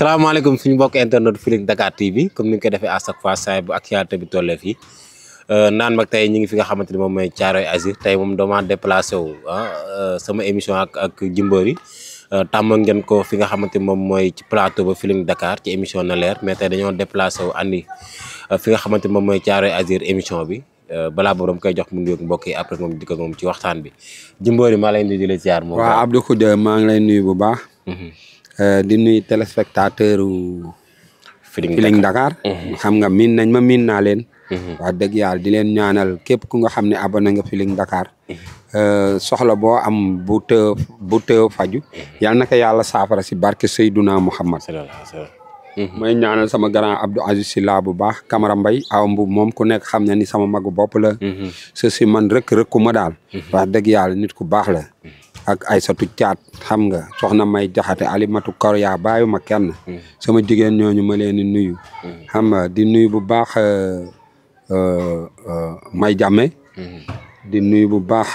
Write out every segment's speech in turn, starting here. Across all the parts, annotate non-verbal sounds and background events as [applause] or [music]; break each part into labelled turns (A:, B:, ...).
A: salaamaaleykum suñu mbokk internet Feeling Dakar TV comme ni ñu koy defee à chaque fois saa bu actualité bi tollee fii euh, naan mag tey ñu ngi fi nga xamante ni moom mooy Caaroy Azur tey moom dama déplacé wu ah, euh, sama émission ak ak jimboor yi euh, tàmm ngeen ko fi nga xamante ni moom mooy ci plateau ba Feeling Dakar ci émission na leer mais tey dañoo déplacé wu andi fi nga xamante ni moom mooy Caaroy Azur émission bi bala boobu dama koy jox mu ngi mbokk yi après moom di moom ci waxtaan bi jimboor yi maa lay nuyu di la ziar. moom waaw
B: Abdou Khoudia maa ngi lay nuyu bu baax. Mhm. Euh, di nuyu téléspectateur u Feeling Dakar mhm. xam nga miin nañ ma miin naa leen mhm. wax dëgg yàlla di leen ñaanal képp ku nga xam ne abonné nga Feeling Dakar mhm. euh, soxla boo am bu të faju yal na ko yàlla saafara si barke Seydouna Muhammad may ñaanal sama grand Abdou Aziz Sylla bu baax Camara mbay aw mbu moom ku nekk xam ne ni sama magu bopp la. su si man rek rëkku ma daal. wax dëgg yàlla nit ku baax la. ak Aysatu Caat xam nga soxna May Jaxate Alimatu Koroya bàyyi ma kenn. Hmm. sama jigéen ñooñu ma leen di nuyu. Hmm. xam di nuyu bu baax euh, euh, euh, May Jàmme. Hmm. di nuyu bu baax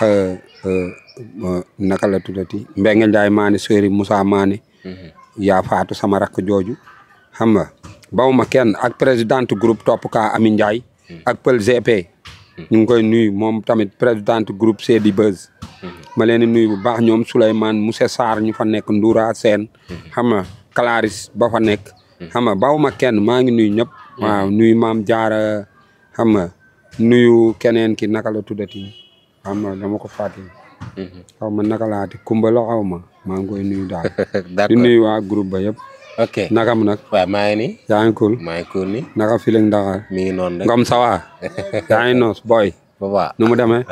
B: naka la tuddati Mbengue Ndiaye maani Sëri Moussa maani yaa faatu sama rakk jooju xam nga baw ma kenn ak présidente groupe topp kaa Ami Ndiaye. ak pël GP. Hmm. ñu ngi koy nuyu moom tamit présidente groupe Sedi Buzz. Hmm. ma leen nuyu bu baax ñoom Souleymane Moussa Sarr ñu fa nekk Ndoura Sène hmm. xam nga ba fa nekk. xam nga bawuma kenn maa ngi nuyu ñëpp. waaw nuyu maam jaara xam nuyu keneen ki naka la tuddati xam nga dama ko fàtte. xaw ma naka laati kumba la xaw ma maa ngi koy nuyu daal. [laughs] di nuyu waa groupe ba yëpp. ok nagam nag. waaw maa ngi nii. yaa ngi cool maa ngi naka feeling Dakar. mi ngi noonu rek ngom sawa
A: va. [laughs] noos booy. waaw
B: nu mu demee.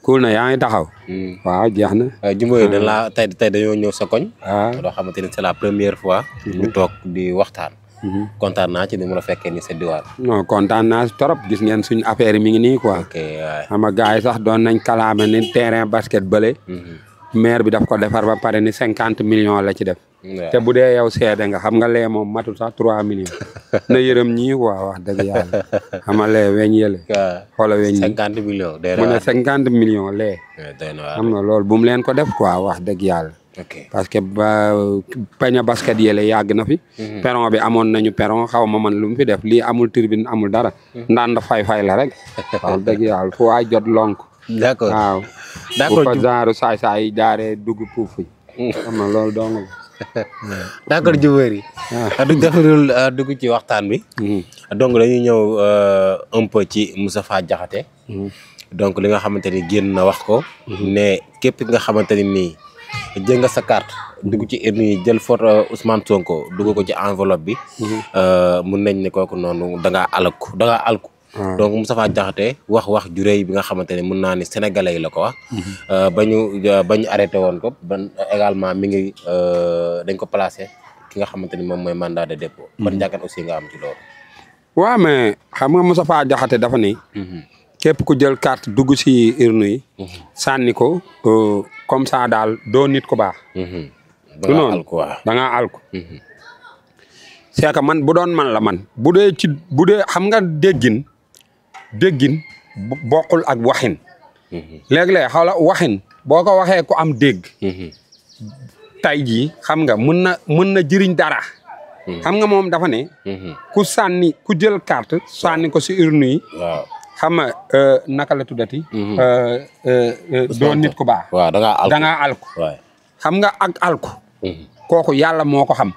B: cool
A: na yaa ngi taxaw. Mm. waaw jeex na. Jumbo yi dañ laa tey tey dañoo ñëw sa koñ. waaw ah. loo xamante ni c'est la première fois. Mm-hmm. ñu toog di waxtaan. Mm-hmm. kontaan naa ci ni mu la fekkee ni sa diwaan.
B: non trop gis ngeen suñu affaire yi mi ngi nii quoi. ok yi sax doon nañ kalaame ni terrain basket bële. Mm-hmm. maire bi daf ko defar ba pare ni cinquante million la ci def. te bu dee yow seede nga xam nga lee moom matul sax trois millions [laughs] na yërëm ñii waaw wax dëgg yàlla xam nga lee weñ yële [laughs] xoola weñ ñi cinquante millions mu ne cinquante xam nga loolu bu leen ko def quoi wax dëgg yàlla parce que ba peña basket yele yàgg na fi mhm. peron bi amoon nañu peron xaw ma man lu mu fi def lii amul tirbin amul dara mhm. ndaan da fay-fay la rek [laughs] wax dëgg yàlla fu jot lonk d'accord waaw bu ko
A: genre saay-saay jaaree dugg puuf yi mm. xam nga loolu dong la d'accord hmm. jubóor yi. Ah. Ah, du defarul dugg ah, ci waxtaan bi. Hmm. donc dañuy ñëw euh, un peu ci Moustapha Diakhaté. Hmm. donc li nga xamante ni génn na wax ko. ne képp nga xamante ni nii jël nga sa carte dugg ci urne jël photo euh, Ousmane Sonko dugg ko ci enveloppe bi. Euh, mun nañ ne kooku noonu da ngaa alku da Ah. donc Moustapha Diakhaté wax wax ju rëy bi nga xamante ne mën naa ni sénégalais la ko wax. Mhm. Euh, ba ñu euh, ba ñu arrêté woon ko ban également mi ngi euh, dañ ko placé ki nga xamante ni moom mooy mandat de dépôt. Mhm. ban jàkkaat aussi nga am ci loolu.
B: waaw mais xam nga Moustapha Diakhaté dafa ni. Mhm. képp ku jël carte dugg si urne yi. sànni ko comme ça daal doo nit ku baax. da ngaa al ko da ngaa al ko. c'est man bu doon man la man bu dee ci bu dee xam nga déggin. déggin bokkul ak waxin mm-hmm. léeg-léeg xawla waxin boo ko waxee ku am dégg mm-hmm. tay jii xam nga mën na mën na jëriñ dara mm-hmm. xam nga moom dafa ne ku sànni ku jël carte sànni ko si urne yi xam nga euh, naka la tuddati euh, euh, doon nit ku baax waaw dangaa alku xam nga ak alku kooku yàlla moo ko xam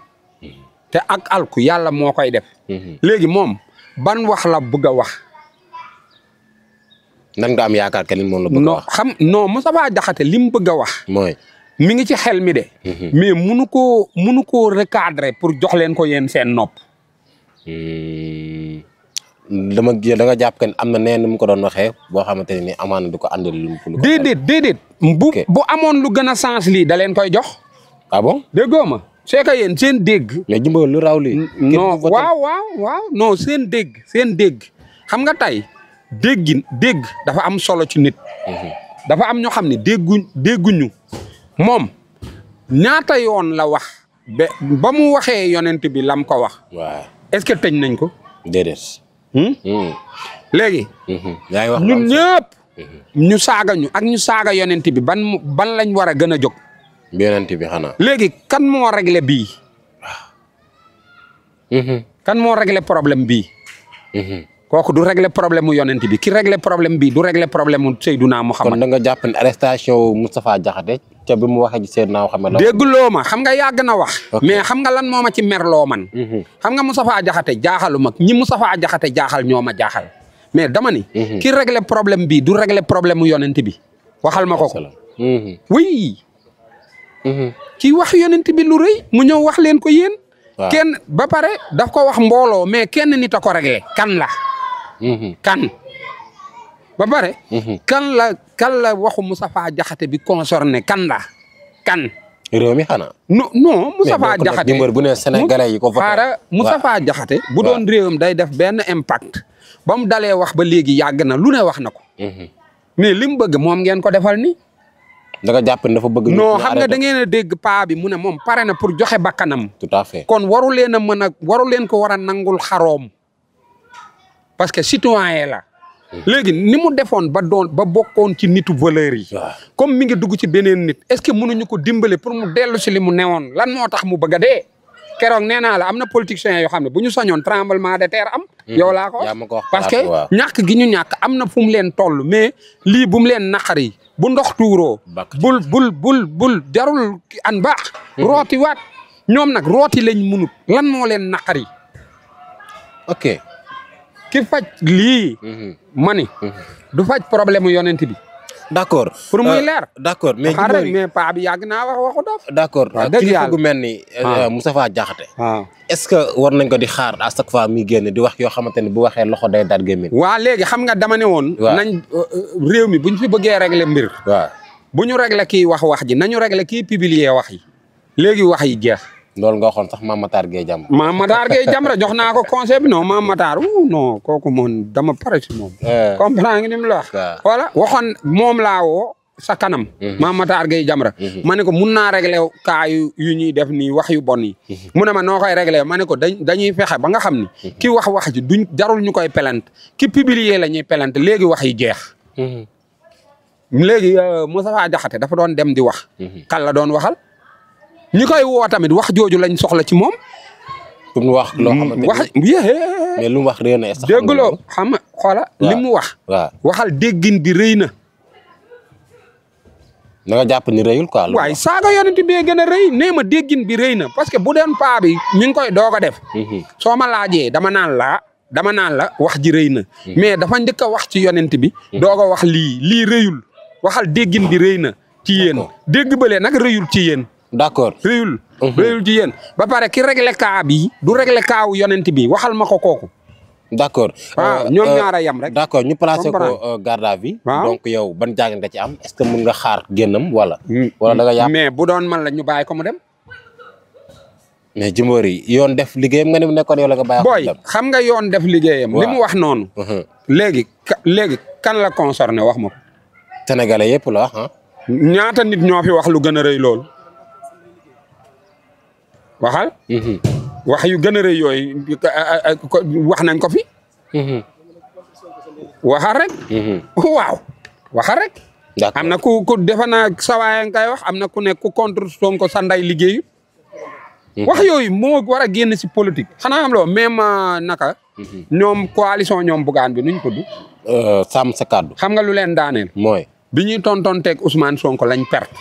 B: te ak alku yàlla moo koy def léegi moom ban wax la bëgg a wax nan
A: nga am yaakaar kenn
B: moom la bëgg a wax. xam non Moustapha Diakhaté li mu bëgg a wax. mooy mi ngi ci xel mi de. Mhm. mais munu ko munu koo recadrer
A: pour jox leen ko yéen seen nop hmm. dama da nga jàpp kenn am na nee nu mu ko doon waxee boo xamante ne amaana du ko àndal lu
B: mu. bu amoon lu gën a sens lii da leen koy jox. ah bon déggoo ma. c'est que seen dégg. mais Jumbo lu raw lii. non waaw waaw waaw non seen dégg seen dégg xam nga tey. déggi dégg dafa am solo ci nit. Mhm. dafa am ñoo xam ne dégguñ dégguñu moom ñaata yoon la wax ba mu waxee yonent bi lam ko wax. waaw est-ce que teñ nañ ko. déedéet. Hmm? Hmm. léegi. Mhm. yaay wax ñun ñëpp. Mhm. ñu saaga ñu ak ñu saaga yonent bi ban ban lañ war a gën a jóg. yonent bi xanaa. léegi kan moo réglé bii. kan moo réglé problème bi kooku du régler problème mu yonent bi ki régler problème bi du régler problème mu Seydouna Mouhamad. kon da nga jàpp ne arrestation Moustapha Diakhaté ca bi mu waxee ci Seydouna Mouhamad. dégguloo ma xam nga yàgg na wax. mais xam nga lan moo ma ci merloo man. Mhm. xam nga Moustapha Diakhaté jaaxalu ma ñi Moustapha Diakhaté jaaxal ñoo ma jaaxal mais dama ni. Mhm. ki régler problème bi du régler problème mu yonent bi waxal ma ko ko. Mhm. oui. ci wax yonent bi lu rëy mu ñëw wax leen ko yéen. kenn ba pare daf ko wax mbooloo mais kenn nit a ko réglé kan la. Mhm. kan ba pare mhm. kan la kan la waxu Moustapha jaxate bi concerné kan la kan réew mi xanaa non non Moustapha Diakhaté bu ne Sénégalais yi ko faara Moustapha jaxate bu doon réewam day def benn impact ba mu dalee wax ba léegi yàgg na lu ne wax na ko mhm. mais li mu bëgg moom ngeen ko defal ni da jàpp ne dafa bëgg non xam nga da ngeen a dégg paa bi mu ne moom pare na pour joxe bakkanam tout kon waru leen a mën a waru leen ko war a nangul xaroom parce que citoyen la léegi ni mu defoon ba doon ba bokkoon ci nitu valeur yi comme mi ngi dugg ci beneen nit est-ce que mënuñu ko dimbale pour mu dellu si li mu newoon lan moo tax mu bëgg a dee keroog nee naa la am na politiciens yoo xam ne bu ñu sañoon tremblement de terre am hmm. yow laa ko wax parce que ñàkk gi ñu ñàkk am na fu mu leen tollu mais lii bu mu leen naqari bu ndox tuuroo bul bul bul bul jarul an baax hmm. rooti waat ñoom nag rooti lañ munut lan moo leen naqari ok ki faj lii. Mhm. mani du faj problème yonent bi. d' accord pour muy euh, leer. d' accord mais xaaral mais paa bi yàgg naa wax waxu daf. d' accord kilifa gu mel ni. Euh,
A: Moustapha Diakhaté. waaw est ce que war nañ ko di xaar a chaque fois muy génn di wax yoo xamante ne bu waxee loxo day daal gémmiñ. waa léegi xam nga dama ne woon. nañ euh, réew mi bu ñu fi bëggee régler mbir. waaw bu ñu
B: régler ki wax wax ji nañu régler kii publier wax yi. léegi wax yi jeex. loolu nga waxoon sax maam Matar Gueye Jamra. maam Matar Gueye Jamra jox naa ko conseil bi non maam kooku moom dama pare moom. Eh. comprendre nga ni mu la wax. voilà waxoon moom laa woo sa kanam. Mhm. maam Matar Gueye Jamra. Mhm. ma ne ko mun naa réglé cas yu yu ñuy def nii wax yu bon yi. Mhm. mu ne ma noo koy réglé ma ne ko dañ dañuy fexe ba nga xam ni. ki wax wax ji duñ jarul ñu koy pelante ki publier la ñuy pelante léegi wax yi jeex. léegi euh, Moustapha Diakhaté dafa doon dem di wax. kan la doon waxal. ñi koy woo tamit wax jooju lañ soxla ci moom. mu wax loo mm, xamante wax mais lu xam nga xoola li mu wax. waaw waxal déggin bi rëy na.
A: na jàpp ni rëyul quoi. waaye
B: saaga yonent bi gën a rëy nee ma déggin bi rëy na parce que bu den paa bi ñu ngi koy doog a def. Mm-hmm. soo ma laajee dama naan laa dama naan la wax ji rëy na. Mm-hmm. mais dafa njëkk a wax ci yonent bi. Mm-hmm. doog a wax lii lii rëyul waxal déggin bi rëy na. ci yéen dégg bële nag rëyul ci yéen. d'accord réyul mhm. réyul ci yéen ba pare ki réglé kaa bi du réglé kaawu yonent bi waxal ma ko kooku d'accord waaw euh, ñoom euh, ñaar a yem
A: rek d'accord ñu placé ko euh, garde à vue donc yow ban jàng nga ci am est-ce que mun nga xaar génnam wala hmm. wala da nga yàq mais bu doon man la ñu bàyyi ko mu dem mais Jimbori yoon def liggéeyam nga ne mu nekkoon yow la nga bàyyi booy xam nga yoon def liggéeyam li mu wax noonu mhm.
B: léegi kan la concerné wax ma ko sénégalais yëpp la ah ñaata nit ñoo fi wax lu gën a rëy loolu waxal. Mhm. wax yu gën a rëy yooyu wax nañ ko fi. Mhm. waxal rek. Mhm. waaw waxal rek. am na ku ku defe naa wax am na ku nekk ku contre Sonko sa nday wax yooyu moo war a génn si politique. xanaa am loo même euh, naka. ñoom coalition ñoom bugaan bi nuñ tudd. Euh, sàmm sa kàddu. xam nga lu leen daaneel. mooy bi ñuy tontonteeg Ousmane Sonko lañ
A: perte.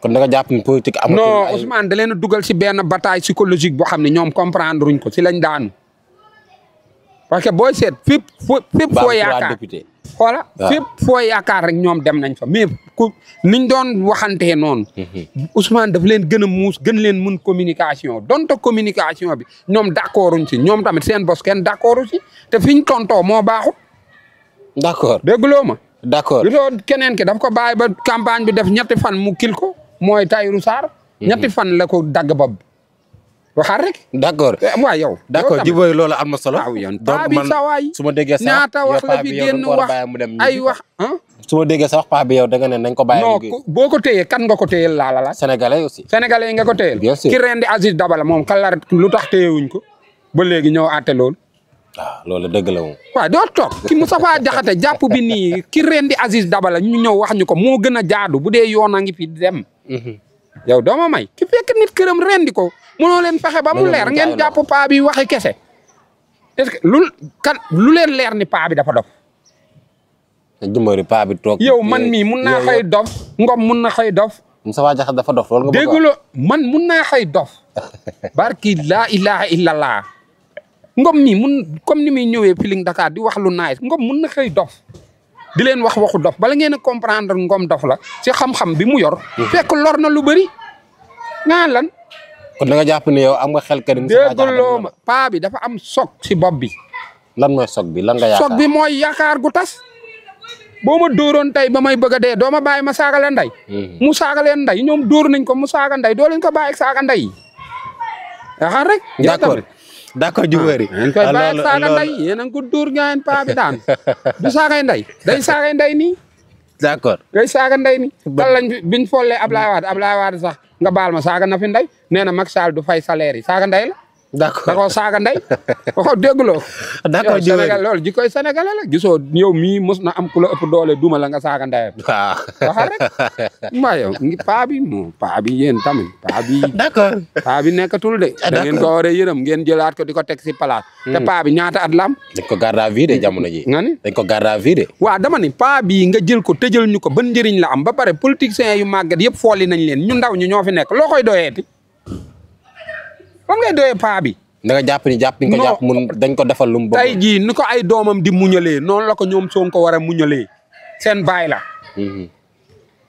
A: kon da jàpp ni politique amatul non Ousmane
B: da leen a dugal si benn bataille psychologique boo xam ne ñoom comprendre ko si lañ daanu parce que booy seet fépp fo fépp foo yaakaar xoola fépp foo yaakaar rek ñoom dem nañ fa mais ku niñ doon waxante noonu mhm. Ousmane daf leen gën a muus gën leen mun communication donte communication bi ñoom d'accorduñ si ñoom tamit seen bos kenn d'accordu si te fiñ tontoo moo baaxut d'accord dégguloo ma d'accord lu keneen ki daf ko bàyyi ba campagne bi def ñetti fan mu kil ko mooy Tahirou Sarr. Mhm. ñetti fan la ko dagg bopp. waxaat rek.
A: d' accord eh, waaw yow. d' accord jubóoy loolu am na solo. Ah, donc man su ma déggee sax ñaata wax la fi génn wax ay wax. su ma déggee sax paa bi yow daga ne nañ ko bàyyi. non boo ko
B: téyee kan nga ko téyeel laala la. sénégalais aussi. sénégalais nga ko téyeel. bien sûr ki rendi Aziz Dabala moom kan la lu tax téyewuñ ko. ba léegi ñëw àtte loolu. waaw ah, loolu dëgg la moom. waaw ki Moustapha Diakhaté jàpp bi nii ki rendi Aziz Dabala ñu ñëw wax ñu ko moo gën a jaadu bu dee yoon a ngi fi Mhm. yow dooma may ki fekk nit këram rendi ko mënoo leen fexe ba mu leer ngeen jàpp paa bi waxi kese est lu leen leer ni paa bi dafa
A: dof dimbali paa bi toog yow man mii mun naa xëy
B: dof ngom mun na xëy dof Moustapha dafa dof loolu nga bëgg man mun naa xëy dof [laughs] barki laa ilaha illallah ngom mii mun comme ni muy ñëwee Feeling Dakar di wax lu naay ngom mun na xëy dof di leen wax waxu dof bala ngeen a comprendre ngom dof la ci xam-xam bi mu yor. fekk lor na lu bëri. nga lan. kon da nga jàpp ne yow am nga xel kenn. dégguloo ma paa bi dafa am soog ci bopp bi. lan mooy soog bi lan nga yaakaar bi mooy yaakaar gu tas. boo ma dóoroon tey ba may bëgg dee doo ma bàyyi ma saaga leen ndey. Hmm. mu saaga leen ndey ñoom dóor nañ ko mu saaga nday doo leen ko bàyyi saaga ndey. yaakaar rek.
A: d'accord jubóor yi. Ah. yéen saaga nday
B: yéen a ngi ko dóor ngeen paa bi daan du saagay nday day saagay nday nii. d'accord day saaga nday nii. bal lañ biñ follee Ablaye Wade Ablaye sax nga baal ma saaga na fi nday nee na Macky Sall du fay salaire yi saaga nday la. d' accord da koo saaga ndey koo dégguloo. [laughs] d' accord jiw Sénégal loolu ji koy sénégalais la gisoo yow mii mos na am ku la ëpp doole duma la nga saaga ndeyam. [laughs] waaw waxal rek. mbaa yow paa bi moom paa bi yéen tamit paa bi. d' accord paa bi nekkatul de. Ah, da ngeen ko war a yërëm ngeen jëlaat ko di ko teg si palaat. Hmm. te paa bi ñaata at lam dañ ko garde à vue de jamono ji. nga ni dañ ko garde à vue de. waaw dama ni paa bii nga jël ko tëjal ñu ko ban njëriñ la am ba pare politiciens yu màggat yëpp fooli nañ leen ñu ndaw ñu ñoo fi nekk loo koy doyeeti moom ngay doyee paa bi. da nga jàpp ni jàpp ni ko jàpp mun dañ ko defal lum. tey jii ni ko ay doomam di muñalee noonu la ko ñoom Sonko war a muñalee seen baay la. Mm-hmm.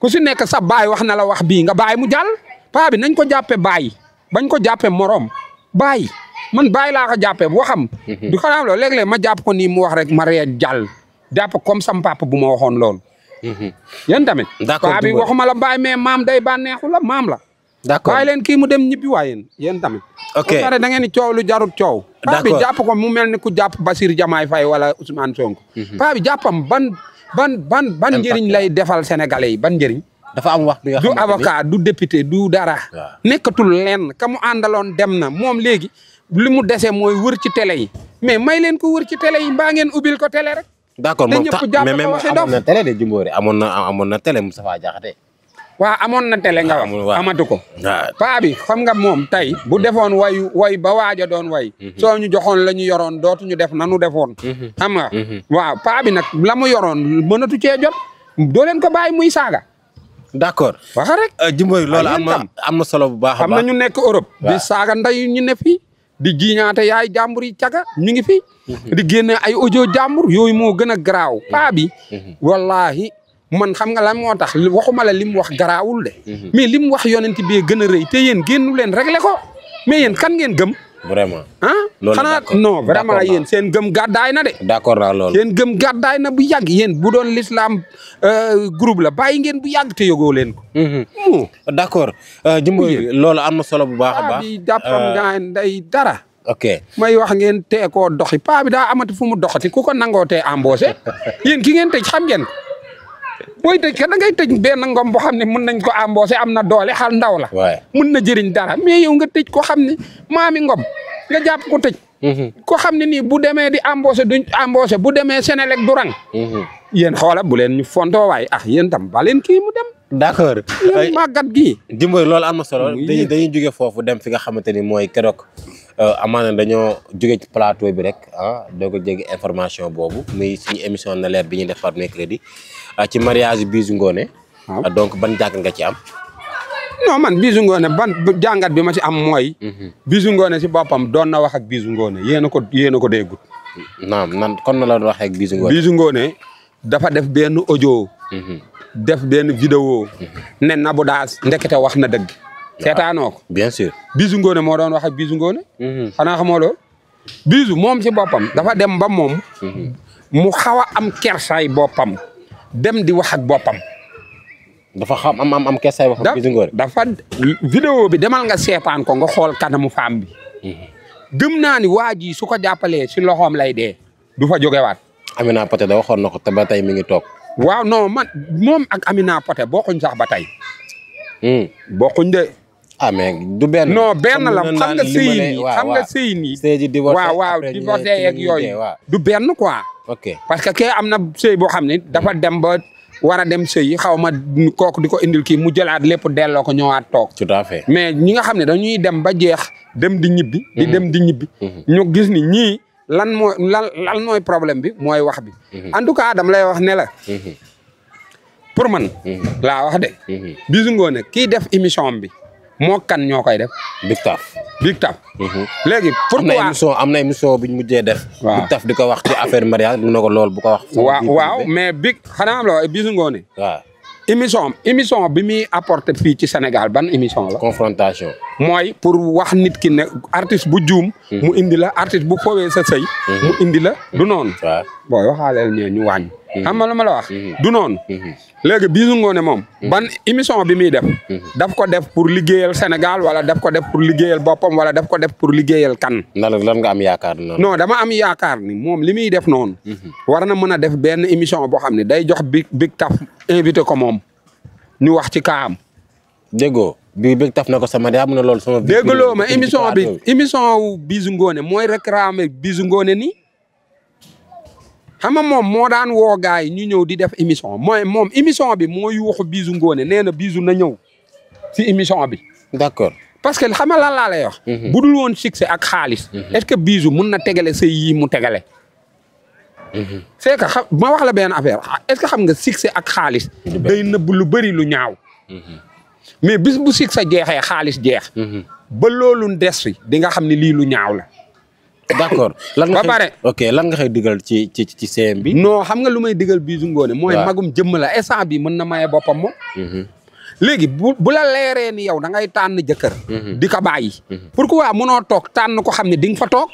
B: ku si nekk sa baay wax na la wax bii nga baay mu jàll. paa bi nañ ko jàppee baay bañ ko jàppee moroom baay man baay laa ko jàppee waxam. Mm-hmm. du ko am loolu léeg-léeg ma jàpp ko nii mu wax rek ma ree jàll jàpp comme sam papa bu ma waxoon loolu. Mm-hmm. yéen tamit. paa bi waxuma la baay mais maam day bànneexu la maam la. d'accord waaye leen kii mu dem ñibbi waa yéen yéen tamit. ok ba coow lu jarut coow. d'accord paa jàpp ko mu mel ni ku jàpp Basir jamaay Faye wala Ousmane Sonko. Mhm. paa bi ban ban ban ban njëriñ lay defal sénégalais yi ban njëriñ. dafa am wax bi nga xam du avocat du député du dara. nekkatul leen ka mu àndaloon dem na moom léegi li mu dese mooy wër ci télé yi mais may leen ko wër ci télé yi mbaa ngeen ubbil ko télé rek. d'accord moom tax mais
A: na télé na amoon na télé Moustapha Diakhaté
B: waa amoon na tele nga wax amatu ko paa bi xam nga moom tey bu defoon wayu way ba waaja doon way mhm. soo ñu joxoon la ñu yoroon dootuñu def nanu defoon mhm. xam nga mhm. waaw paa bi nag la mu yoroon mënatu cee jot doo leen ko bàyyi muy saaga d' accord waxa rek
A: euh, Jimbori am na am na solo bu baax am na ñu nekk
B: Europe di saaga nday ñu ne fi di jiiñaate yaay jàmbur yi caga ñu ngi fi di génne ay audio jàmbur yooyu moo gën a garaaw paa bi man xam nga lan moo tax waxuma la li mu wax garaawul de. Mhm. mais li mu wax yonent bi gën a rëy te yéen génnu leen réglé ko mais yéen kan ngeen gëm. vraiment ah xanaa non vraiment yéen seen gëm gàddaay na de d'accord naa loolu seen gëm gàddaay na bu yàgg yéen bu doon l'islam euh, groupe la bàyyi ngeen bu yàgg te yogoo leen ko mhm. d'accord euh, Jumbo loolu am na solo bu baax a baax bi dàppam ngaa euh, nday dara ok may wax ngeen tee koo doxi paa bi daa amati fu mu doxati ku ko nangoo tee embauché [laughs] yéen ki ngeen tëj xam ngeen booy tëj ka ngay tëj benn ngom boo xam ne mun nañ ko embauché am na doole xal ndaw la. mun na jëriñ dara mais yow nga tëj ko xam ne maami ngom nga jàpp ko tëj. Mm-hmm. ko xam ne nii bu demee di embauché duñ embauché bu demee Senelec du
A: rang. Mm-hmm. yéen xoola bu leen ñu fontoo waaye ah yéen tam ba leen dem. d' accord yéen euh, màggat gii. Jimbori loolu am na solo dañuy dañuy jóge foofu dem fi nga xamante ni mooy keroog euh, amaana dañoo jóge ci plateau bi rek ah doo information boobu muy suñu émission ne leer bi ñuy def par mercredi Euh, ci mariage Bijou ngoone euh, donc ban jàngat nga ci am.
B: non man Bijou Ngoné ban jàngat bi ma ci am mooy. Mhm. Bijou si boppam doon na wax ak Bijou Ngoné yéen ko yéen ko déggut. nan kon na la doon waxee ak Bijou Ngoné. dafa def benn ojo mhm. def benn vidéo. Mhm. ne Nabou Dash ndekete wax na dëgg. Ah, seetaanoo ko bien moo doon wax ak Bijou Ngoné. xanaa xamoo loolu. moom si boppam dafa dem ba moom. mu xaw a am kersaay boppam. dem di wax ak boppam. dafa xam am am am kees say wax. dafa vidéo bi demal nga seetaan ko nga xool kanamu femme bi. Mhm. gëm naa ni waa ji su ko jàppalee si loxoom lay dee. du fa jógewaat. Amina Poté da waxoon na ko te ba tey mi ngi toog. waaw non man moom ak Amina Poté bokkuñ sax ba tey.
A: Hmm. bokkuñ de. ah mais du benn la xam nga sëy nii xam nga
B: sëy waaw waaw du benn quoi parce que kee am na sëy boo xam ne dafa dem ba war a dem sëy xaw ma kooku di ko indil kii mu jëlaat lépp delloo ko ñëwaat toog tout à mais ñi nga xam ne dañuy dem ba jeex dem di ñibbi di mhm. dem di ñibbi mhm. ñu gis ni ñii lan mooy lan mooy problème bi mooy wax bi mhm. en tout cas dama lay wax ne la pour man laa wax de bisu ngoone kii def émission bi moo kan ñoo koy def. Big Taf. Big mhm.
A: léegi pourquoi am na am na émission bu ñu mujjee def. waaw Big di ko wax ci affaire mariage mu ne ko lool bu ko wax. waaw waaw
B: mais Big xanaa la bisu ngoone. waaw émission émission bi muy apporté fii ci Sénégal ban émission la. confrontation. mooy pour wax nit ki ne artiste bu juum. Mhm. mu indi la artiste bu foowee sa sëy. Mhm. mu indi la du noonu. booy waxaaleel ñee ñu wàññi. xam nga lu ma la wax. Mm-hmm. Mm-hmm. du noonu. Mm-hmm. léegi biisu ngoone moom. ban émission bi muy def. daf ko def pour liggéeyal senegal wala daf ko def pour liggéeyal boppam wala daf ko def pour liggéeyal
A: kan. lan lan am yaakaar noonu. non dama am
B: yaakaar ni moom li muy def noon war na mën a def benn émission boo xam ne day jox big big taf invité ko moom ñu wax ci kaam.
A: déggoo bi big taf na ko sama daa am na loolu sama. déggloo ma émission bi
B: émission wu ngoone Ngoné mooy réclamer Bijou Ngoné nii. xam nga moom moo daan woo gars yi ñu ñëw di def émission mooy moom émission bi moo yuuxu Bijou Ngoné nee na Bijou na ñëw si émission bi. d'accord parce que xam nga lan laa lay wax. Mhm. bu dul woon succès ak xaalis. Mhm. est-ce que Bijou mun na tegale sa yii mu tegale. Mhm. c'est que ma wax la benn affaire est-ce que xam nga succès ak xaalis. day nëbb lu bëri lu ñaaw. mais bis bu succès jeexee xaalis jeex. ba loolu des fi nga xam ne lii lu ñaaw la. d'accord lan nga ba pare ok lan nga xëy digal ci ci ci bi. non xam nga lu may digal Bijou Ngoné. mooy magum jëmm la instant bi mën na maye boppam moom. Mhm. léegi bu bu la leeree ni yow da ngay tànn jëkkër. Mhm. di ko bàyyi. Mhm. pourquoi mënoo toog tànn ko xam ne di nga fa toog.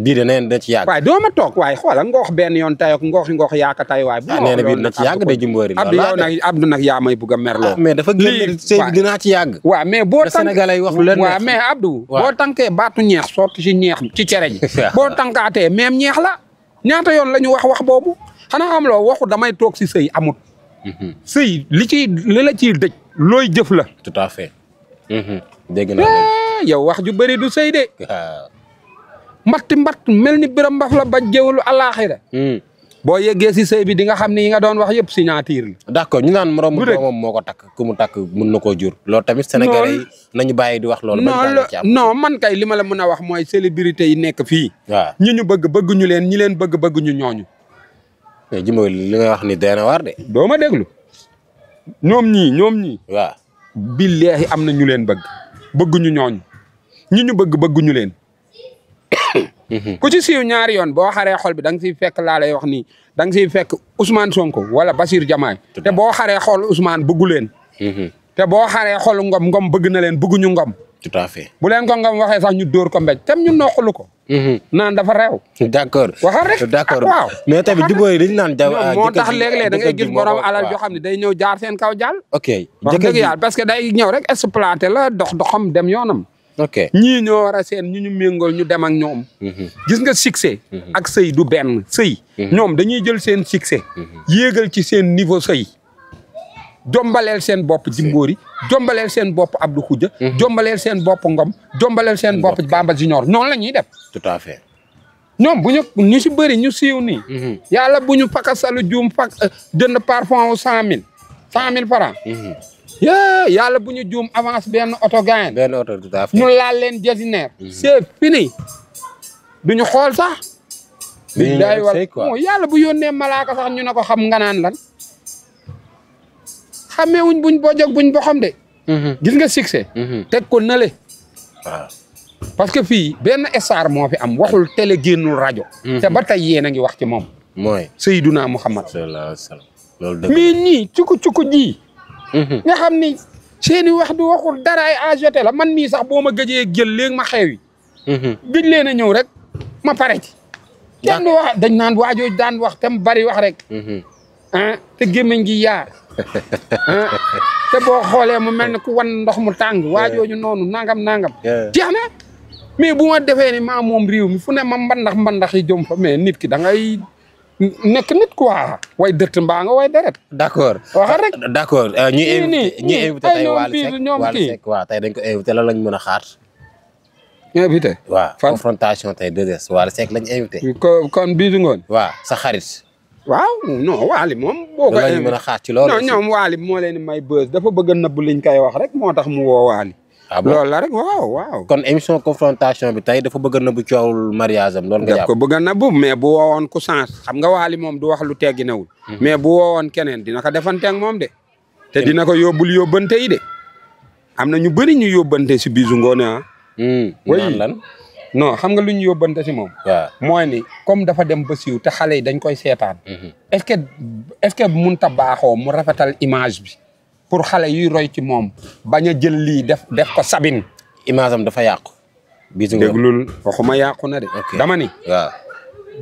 B: biir de nee na ci yàgg. waaye doo ma toog waaye xoolal ngoox benn yoon tayok ngoox ngoox yaaka tay bu ah, ma nee na biir na ci yàgg de jumboori. Abdou yow nag Abdou nag yaa may bugg a ah, ci yàgg. waaw mais boo tànk sénégalais baatu ñeex sotti ci ñeex ci cere ji. [laughs] boo tànkaatee même ñeex la ñaata yoon la ñu wax wax boobu xanaa am loo waxu damay toog si sëy amut. Mhm. sëy li ci li la ci dëj looy jëf la. tout à fait. Mhm. dégg naa eh, yow wax ju bëri du sëy de. mbatti mbatt mel ni biram mbaf la ba jéwalu alaaxira hmm. boo yeggee si sëy bi di nga xam ne yi nga doon wax yëpp signature la d' accord ñu naan moroom doomam moo ko takk ku mu takk mun na koo jur lool tamit sénégalais yi nañu bàyyi di wax loolu non man kay li ma la mën a wax mooy célébrité yi nekk fii waaw ñi ñu bëgg bëgg ñu leen ñu leen bëgg bëgg ñu ñooñu mais jimbo li nga wax ni doy na de doo ma déglu ñii ñoom ñii waaw am na ñu leen bëgg bëgg ñu ñu bëgg bëgg ñu leen Mhm. ku ci siiw ñaari yoon boo xaree xol bi da nga siy fekk laa lay wax nii da nga siy fekk Ousmane Sonko wala Basir Diomaye te boo xaree xol Ousmane bëggu leen mhm. te boo xaree xol ngom ngom bëgg na leen bëgguñu ngom tout à fait bu leen ko ngom waxee sax ñu dóor ko mbéj tam ñu noqulu ko mhm. naan dafa réew d' accord waxal rek d' accord waaw ah, moo tax léeg-léeg da ngay gis borom alal joo xam day ñëw jaar seen kaw jàll parce que day ñëw rek exploité la dox doxam dem yoonam ok ñii ñoo war a seen ñu ñu méngool ñu dem ak ñoom. Mhm. gis nga succès. Mhm. ak sëy du benn sëy. Mhm. ñoom dañuy jël seen succès. yéegal ci seen niveau sëy. jombaleel seen bopp Jimbori jombaleel seen bopp Abdou Khoudia. jombaleel seen bopp Ngom jombaleel seen bopp Bamba Junior ñoom la ñuy def. tout à fait. ñoom bu ñu si bëri ñu siiw nii. yàlla bu ñu pakasalu juum fak euh, jënd parfum wu cent mille. cent mille francs. yee yàlla bu ñu juum avance benn oto gain. benn oto tout à fait ñu laal leen jasineer. Mhm. c'est fini du ñu xool sax. li daay wal moo yàlla bu yónnee malaaka sax ñu ne ko xam nga naan lan. xamee wuñ buñ bojog buñ boxam de. Mhm. gis nga succès. Mhm. teg ko nale. waaw parce que fii benn star moo fi am waxul télé génnul rajo. te ba tey yéen a ngi wax ci moom. mooy Seydina
A: Muhammad. sallallahu
B: alayhi cuku cuku ji. Mm-hmm. nga xam ni seen i wax du waxul dara ay ajoté la man mii sax boo ma gëjee jël léegi ma xew yi gëj leen a ñëw rek ma pare ci kenn du wax dañ naan waajooj daan wax tam bari wax rek mm-hmm. ah te gémmiñ gi yaar
A: [laughs] ah,
B: te boo xoolee mu mel ne ku wan ndox mu tàng waajooju noonu nangam nangam jeex na mais bu ma defee ni maa moom réew mi fu ne ma mbandax mbandax yi jom fa mais nit ki da ngay nekk nit quoi. way dëtt mbaa nga way deret. d' accord rek
A: ah, d' accord. Euh, ñu invité ñu invité tey Wally Seck dañ ko invité lan lañ mën a xaar. ñu invité. waaw confrontation tey 2S Wally Seck lañ invité. kon kon biisu ngoon. waaw sa xarit. waaw non Wally moom. boo ko mën a ci loolu. non ñoom
B: Wally moo leen may bës dafa bëgg a nëbb liñ koy
A: wax rek moo tax mu woo Wally ah loolu la rek waaw waaw. kon émission confrontation bi tey dafa bëgg na bu coowul mariage am loolu nga jàpp ko
B: bëgg na bu mais bu woowoon ku sens xam nga waali moom du wax lu tegginawul. Hmm. mais bu woowoon keneen dina ko defanteeg moom de. te hmm. dina ko yóbbul yóbbante yi de. am na ñu bëri ñu yóbbante si bisu ngoone ah. Hmm, naan xam nga lu ñu yóbbante si moom. waaw mooy ni comme dafa dem ba siiw te xale yi dañ koy seetaan. est ce que est ce que mënut a baaxoo mu rafetal image bi. pour xale yuy roy ci moom bañ a jël lii def def ko sabin. image am dafa yàqu. bisu déglul waxuma yàqu na de. dama ni.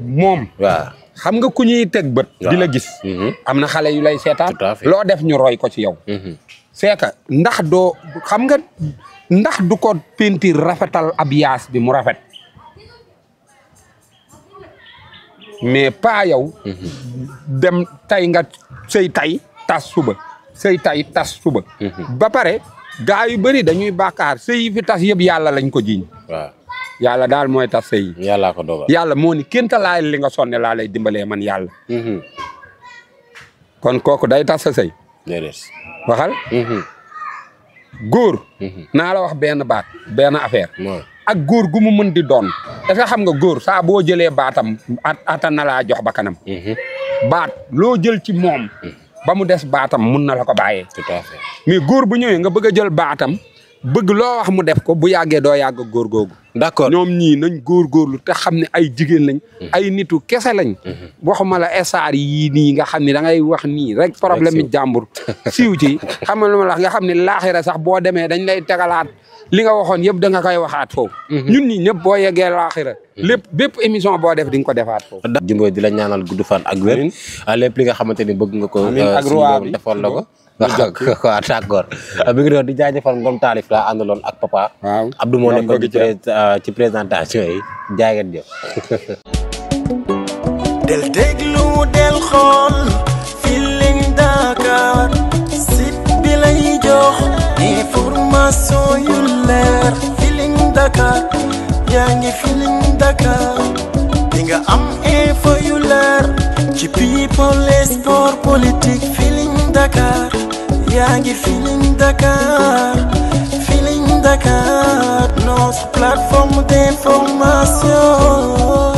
B: moom. waaw xam nga ku ñuy teg bët. di la gis. Mhm. am na xale yu lay seetaan. loo def ñu roy ko ci yow. Mhm. c'est que ndax doo xam nga ndax du ko peinture rafetal ab bi mu rafet. mais pas yow. Mhm. dem tey nga sëy tay tas suba. sëy tay tas suba. Mhm. ba pare gaa yu bëri dañuy bàkkaar sëy yi fi tas yëpp yàlla lañ ko jiiñ. yàlla daal mooy tas sëy yi. yàllaa ko dogal yàlla moo ni kénta laay li nga sonne laa lay dimbalee man yàlla. Mhm. kon kooku day tas sa sëy. waxal. Mhm. góor. naa la wax benn baat benn affaire. ak góor gu mu mën di doon. est-ce xam nga góor saa boo jëlee baatam at attan na laa jox ba kanam. baat loo jël ci moom. ba mu des baatam mun na la ko bàyyee. tout à fait góor bu ñëwee nga bëgg a jël baatam bëgg loo wax mu def ko bu yàggee doo yàgg góor googu. d'accord ñoom ñii nañ góorgóorlu te xam ne ay jigéen lañ. Mhm. ay nitu kese lañ. Mhm. waxuma la esaar yii nii nga xam ni da ngay wax nii rek problème mi jàmbur. siiw ci [laughs] xam nga lu ma nga xam ne laaxira sax boo demee dañ lay tegalaat. li nga waxoon yëpp da nga koy waxaat foofu. Mhm. ñun ñi ñëpp boo yeggee laaxira mhm. lépp bépp émission boo def dinga ko defaat foofu.
A: Jimboy di la ñaanal gudd fan ak wér. Ah, lépp li nga xamante ni bëgg nga ko. Ah, ak ruwa bi defoon la ko. waaw [laughs] ah, d'accord mi ngi di jaajëfal Ngom Taalif laa àndaloon ak papa. waaw Abdou moo nekkoon ci présentation yi jaay ngeen [laughs] del déglu del xool Feeling Dakar site bi lay jox. information yu leer Feeling Dakar yaa Feeling Dakar di nga am info yu leer ci people et sport Feeling Dakar yaa ngi Feeling Dakar Feeling Dakar nos plateforme d'information